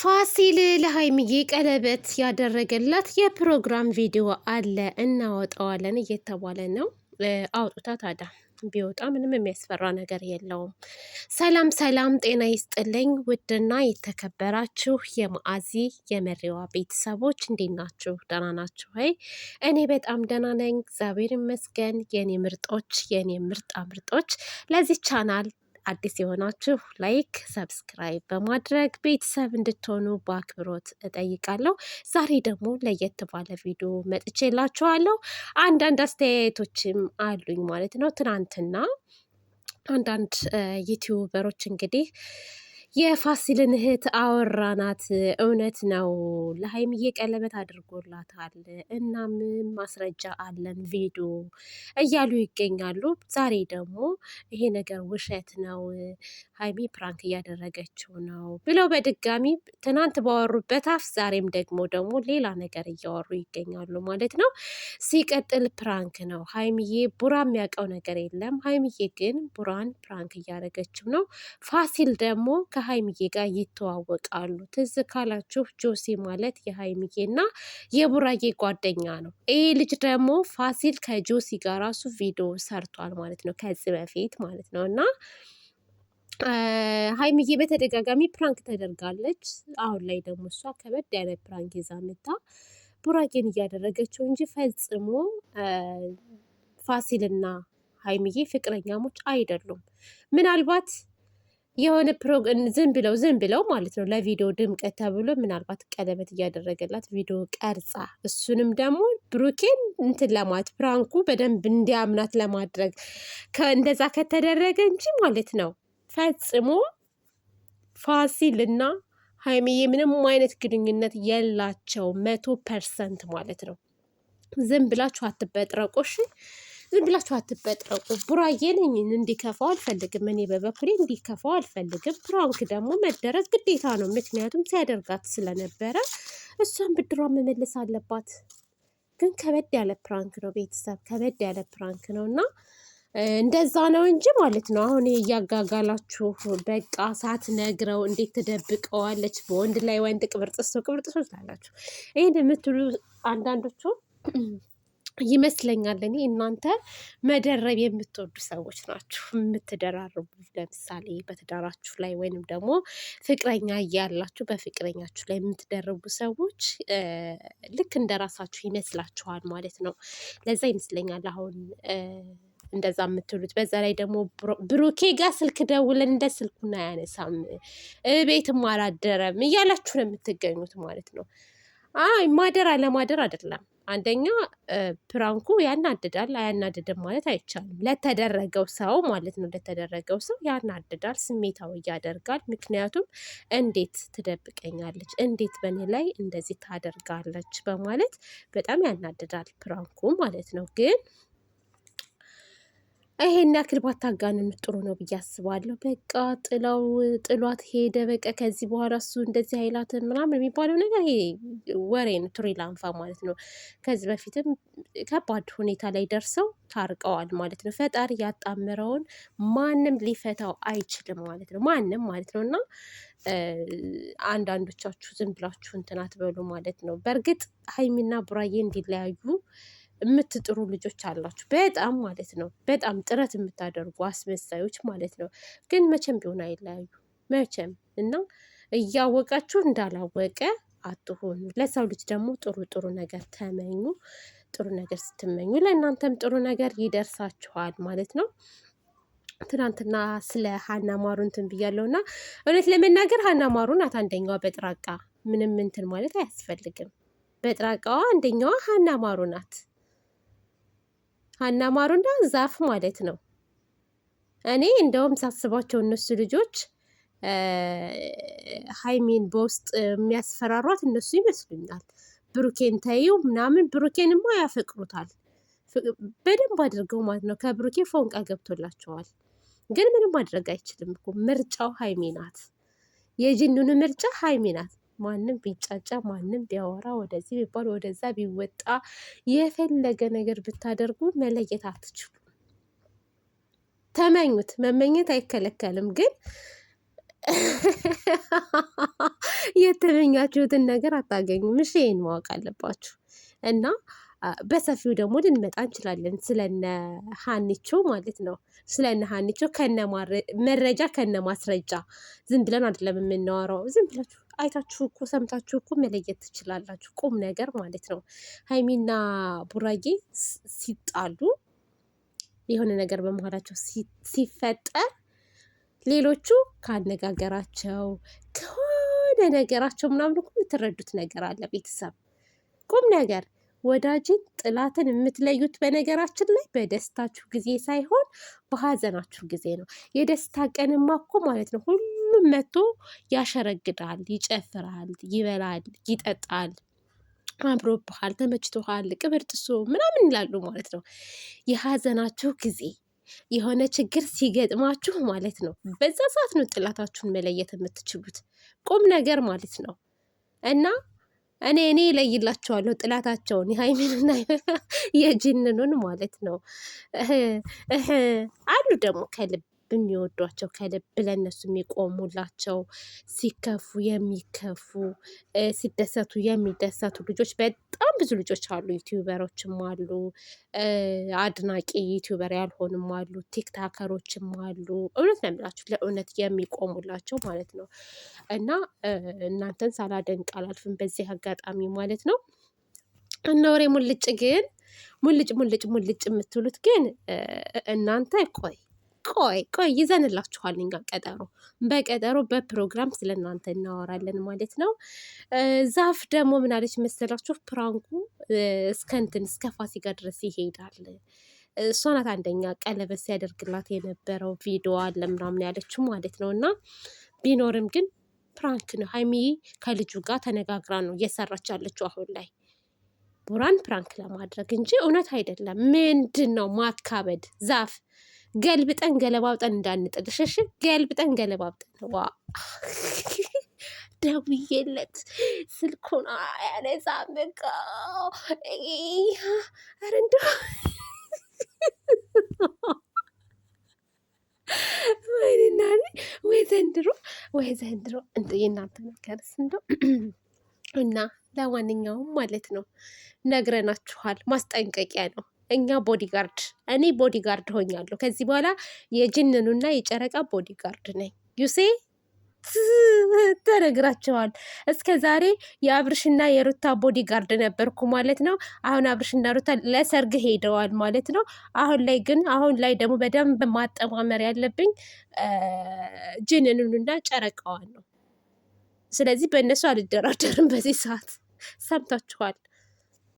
ፋሲል ለሀይምዬ ቀለበት ያደረገላት የፕሮግራም ቪዲዮ አለ እናወጣዋለን እየተባለ ነው። አውጡታ ታዳ ቢወጣ ምንም የሚያስፈራ ነገር የለውም። ሰላም ሰላም፣ ጤና ይስጥልኝ ውድና የተከበራችሁ የማአዚ የመሪዋ ቤተሰቦች እንዴት ናችሁ? ደህና ናችሁ ወይ? እኔ በጣም ደህና ነኝ፣ እግዚአብሔር ይመስገን። የኔ ምርጦች፣ የኔ ምርጣ ምርጦች ለዚህ ቻናል አዲስ የሆናችሁ ላይክ፣ ሰብስክራይብ በማድረግ ቤተሰብ እንድትሆኑ በአክብሮት እጠይቃለሁ። ዛሬ ደግሞ ለየት ባለ ቪዲዮ መጥቼላችኋለሁ። አንዳንድ አስተያየቶችም አሉኝ ማለት ነው። ትናንትና አንዳንድ ዩቲዩበሮች እንግዲህ የፋሲልን እህት አወራናት። እውነት ነው ለሀይምዬ ቀለበት አድርጎላታል፣ እናም ማስረጃ አለን ቪዲዮ እያሉ ይገኛሉ። ዛሬ ደግሞ ይሄ ነገር ውሸት ነው ሀይሚ ፕራንክ እያደረገችው ነው ብለው በድጋሚ ትናንት ባወሩበት አፍ ዛሬም ደግሞ ደግሞ ሌላ ነገር እያወሩ ይገኛሉ ማለት ነው። ሲቀጥል ፕራንክ ነው ሀይሚዬ ቡራ የሚያውቀው ነገር የለም። ሀይሚዬ ግን ቡራን ፕራንክ እያደረገችው ነው። ፋሲል ደግሞ ከሀይሚዬ ጋር ይተዋወቃሉ። ትዝ ካላችሁ ጆሲ ማለት የሀይሚዬና የቡራዬ ጓደኛ ነው። ይህ ልጅ ደግሞ ፋሲል ከጆሲ ጋር ራሱ ቪዲዮ ሰርቷል ማለት ነው ከዚህ በፊት ማለት ነው እና ሀይሚዬ በተደጋጋሚ ፕራንክ ተደርጋለች። አሁን ላይ ደግሞ እሷ ከበድ ያለ ፕራንክ ይዛ መታ ቡራጌን እያደረገችው እንጂ ፈጽሞ ፋሲልና ሀይሚዬ ፍቅረኛሞች አይደሉም። ምናልባት የሆነ ፕሮግራም ዝም ብለው ዝም ብለው ማለት ነው ለቪዲዮ ድምቀት ተብሎ ምናልባት ቀለበት እያደረገላት ቪዲዮ ቀርጻ እሱንም ደግሞ ብሩኬን እንትን ለማለት ፕራንኩ በደንብ እንዲያምናት ለማድረግ እንደዛ ከተደረገ እንጂ ማለት ነው ፈጽሞ ፋሲል እና ሀይሚዬ ምንም አይነት ግንኙነት የላቸው መቶ ፐርሰንት ማለት ነው። ዝም ብላችሁ አትበጥረቁ፣ እሺ ዝም ብላችሁ አትበጥረቁ። ቡራዬን እንዲከፋው አልፈልግም፣ እኔ በበኩሌ እንዲከፋው አልፈልግም። ፕራንክ ደግሞ መደረግ ግዴታ ነው፣ ምክንያቱም ሲያደርጋት ስለነበረ እሷን ብድሯ መመለስ አለባት። ግን ከበድ ያለ ፕራንክ ነው ቤተሰብ፣ ከበድ ያለ ፕራንክ ነው እና እንደዛ ነው እንጂ ማለት ነው። አሁን እያጋጋላችሁ በቃ ሳት ነግረው እንዴት ትደብቀዋለች? በወንድ ላይ ወንድ ቅብርጥስ ነው ቅብርጥሶች ላላችሁ ይህን የምትሉ አንዳንዶቹ ይመስለኛል እኔ እናንተ መደረብ የምትወዱ ሰዎች ናችሁ። የምትደራርቡ ለምሳሌ በትዳራችሁ ላይ ወይንም ደግሞ ፍቅረኛ እያላችሁ በፍቅረኛችሁ ላይ የምትደርቡ ሰዎች ልክ እንደራሳችሁ ይመስላችኋል ማለት ነው። ለዛ ይመስለኛል አሁን እንደዛ የምትሉት። በዛ ላይ ደግሞ ብሩኬ ጋር ስልክ ደውለን እንደ ስልኩን አያነሳም ቤትም አላደረም እያላችሁ ነው የምትገኙት ማለት ነው። አይ ማደር አለማደር አይደለም። አንደኛ ፕራንኩ ያናድዳል፣ አያናድድም ማለት አይቻልም። ለተደረገው ሰው ማለት ነው። ለተደረገው ሰው ያናድዳል፣ ስሜታዊ ያደርጋል። ምክንያቱም እንዴት ትደብቀኛለች፣ እንዴት በእኔ ላይ እንደዚህ ታደርጋለች በማለት በጣም ያናድዳል ፕራንኩ ማለት ነው ግን ይሄን ያክል ባታጋንን ጥሩ ነው ብዬ አስባለሁ። በቃ ጥላው ጥሏት ሄደ። በቃ ከዚህ በኋላ እሱ እንደዚህ አይላትም ምናምን የሚባለው ነገር ይሄ ወሬ ነው፣ ቱሪ ላንፋ ማለት ነው። ከዚህ በፊትም ከባድ ሁኔታ ላይ ደርሰው ታርቀዋል ማለት ነው። ፈጣሪ ያጣመረውን ማንም ሊፈታው አይችልም ማለት ነው። ማንም ማለት ነው እና አንዳንዶቻችሁ ዝም ብላችሁ እንትን አትበሉ ማለት ነው። በእርግጥ ሀይሚና ቡራዬ እንዲለያዩ የምትጥሩ ልጆች አላችሁ፣ በጣም ማለት ነው። በጣም ጥረት የምታደርጉ አስመሳዮች ማለት ነው። ግን መቼም ቢሆን አይለያዩ መቼም እና እያወቃችሁ እንዳላወቀ አትሆኑ። ለሰው ልጅ ደግሞ ጥሩ ጥሩ ነገር ተመኙ። ጥሩ ነገር ስትመኙ ለእናንተም ጥሩ ነገር ይደርሳችኋል ማለት ነው። ትናንትና ስለ ሀና ማሩ እንትን ብያለሁ እና እውነት ለመናገር ሀና ማሩ ናት አንደኛዋ በጥራቃ ምንም እንትን ማለት አያስፈልግም። በጥራቃዋ አንደኛዋ ሀና ማሩ ናት። ሀናማሩና ዛፍ ማለት ነው። እኔ እንደውም ሳስባቸው እነሱ ልጆች ሀይሚን በውስጥ የሚያስፈራሯት እነሱ ይመስሉኛል። ብሩኬን ተይው ምናምን፣ ብሩኬንማ ያፈቅሩታል በደንብ አድርገው ማለት ነው። ከብሩኬ ፎንቃ ገብቶላቸዋል። ግን ምንም ማድረግ አይችልም እኮ ምርጫው ሀይሚ ናት። የጅኑን ምርጫ ሀይሚ ናት። ማንም ቢጫጫ ማንም ቢያወራ ወደዚህ ቢባል ወደዛ ቢወጣ የፈለገ ነገር ብታደርጉ መለየት አትችሉ። ተመኙት፣ መመኘት አይከለከልም። ግን የተመኛችሁትን ነገር አታገኙም። እሺ፣ ይህን ማወቅ አለባችሁ እና በሰፊው ደግሞ ልንመጣ እንችላለን። ስለነ ሀኒቾ ማለት ነው። ስለነ ሀኒቾ ከነ መረጃ ከነ ማስረጃ ዝም ብለን አይደለም የምናወራው። ዝም ብላችሁ አይታችሁ እኮ ሰምታችሁ እኮ መለየት ትችላላችሁ። ቁም ነገር ማለት ነው። ሀይሚና ቡራጌ ሲጣሉ የሆነ ነገር በመሀላቸው ሲፈጠር ሌሎቹ ካነጋገራቸው ከሆነ ነገራቸው ምናምን እኮ የምትረዱት ነገር አለ ቤተሰብ ቁም ነገር ወዳጅን ጥላትን የምትለዩት በነገራችን ላይ በደስታችሁ ጊዜ ሳይሆን በሀዘናችሁ ጊዜ ነው። የደስታ ቀንማ እኮ ማለት ነው ሁሉም መጥቶ ያሸረግዳል፣ ይጨፍራል፣ ይበላል፣ ይጠጣል፣ አምሮብሃል፣ ተመችቶሃል፣ ቅብር ጥሶ ምናምን ይላሉ ማለት ነው። የሀዘናችሁ ጊዜ የሆነ ችግር ሲገጥማችሁ ማለት ነው በዛ ሰዓት ነው ጥላታችሁን መለየት የምትችሉት ቁም ነገር ማለት ነው እና እኔ እኔ እለይላቸዋለሁ ጥላታቸውን የሀይሚንና የጅንኑን ማለት ነው። አሉ ደግሞ ከልብ ከልብ የሚወዷቸው ከልብ ለእነሱ የሚቆሙላቸው ሲከፉ የሚከፉ ሲደሰቱ የሚደሰቱ ልጆች በጣም ብዙ ልጆች አሉ። ዩቲዩበሮችም አሉ፣ አድናቂ ዩቲዩበር ያልሆኑም አሉ፣ ቲክታከሮችም አሉ። እውነት ነው የምላችሁ ለእውነት የሚቆሙላቸው ማለት ነው። እና እናንተን ሳላደንቅ አላልፍም በዚህ አጋጣሚ ማለት ነው። እና ወሬ ሙልጭ ግን ሙልጭ ሙልጭ ሙልጭ የምትሉት ግን እናንተ ቆይ ቆይ ቆይ ይዘንላችኋል እኛ ቀጠሮ በቀጠሮ በፕሮግራም ስለ እናንተ እናወራለን ማለት ነው። ዛፍ ደግሞ ምናለች መሰላችሁ? ፕራንኩ እስከ እንትን እስከ ፋሲካ ድረስ ይሄዳል። እሷ ናት አንደኛ ቀለበት ሲያደርግላት የነበረው ቪዲዮ አለ ምናምን ያለችው ማለት ነው። እና ቢኖርም ግን ፕራንክ ነው። ሀይሚ ከልጁ ጋር ተነጋግራ ነው እየሰራች ያለችው አሁን ላይ ቡራን ፕራንክ ለማድረግ እንጂ እውነት አይደለም። ምንድን ነው ማካበድ ዛፍ ገልብጠን ገለባብጠን እንዳንጥልሽ ገልብጠን ገለባብጠን ዋ ደውዬለት ስልኩን አያነሳም። በቃ ኧረ እንደው ወይና ወይ ዘንድሮ ወይ ዘንድሮ እንደ የእናንተ ነገርስ እንደው እና ለማንኛውም ማለት ነው ነግረናችኋል። ማስጠንቀቂያ ነው። እኛ ቦዲጋርድ እኔ ቦዲጋርድ ሆኛለሁ። ከዚህ በኋላ የጅንኑና የጨረቃ ቦዲጋርድ ነኝ። ዩሴ ተነግራቸዋል። እስከ ዛሬ የአብርሽና የሩታ ቦዲጋርድ ነበርኩ ማለት ነው። አሁን አብርሽና ሩታ ለሰርግ ሄደዋል ማለት ነው። አሁን ላይ ግን አሁን ላይ ደግሞ በደንብ ማጠማመር ያለብኝ ጅንኑንና ጨረቃዋን ነው። ስለዚህ በእነሱ አልደራደርም በዚህ ሰዓት ሰምታችኋል።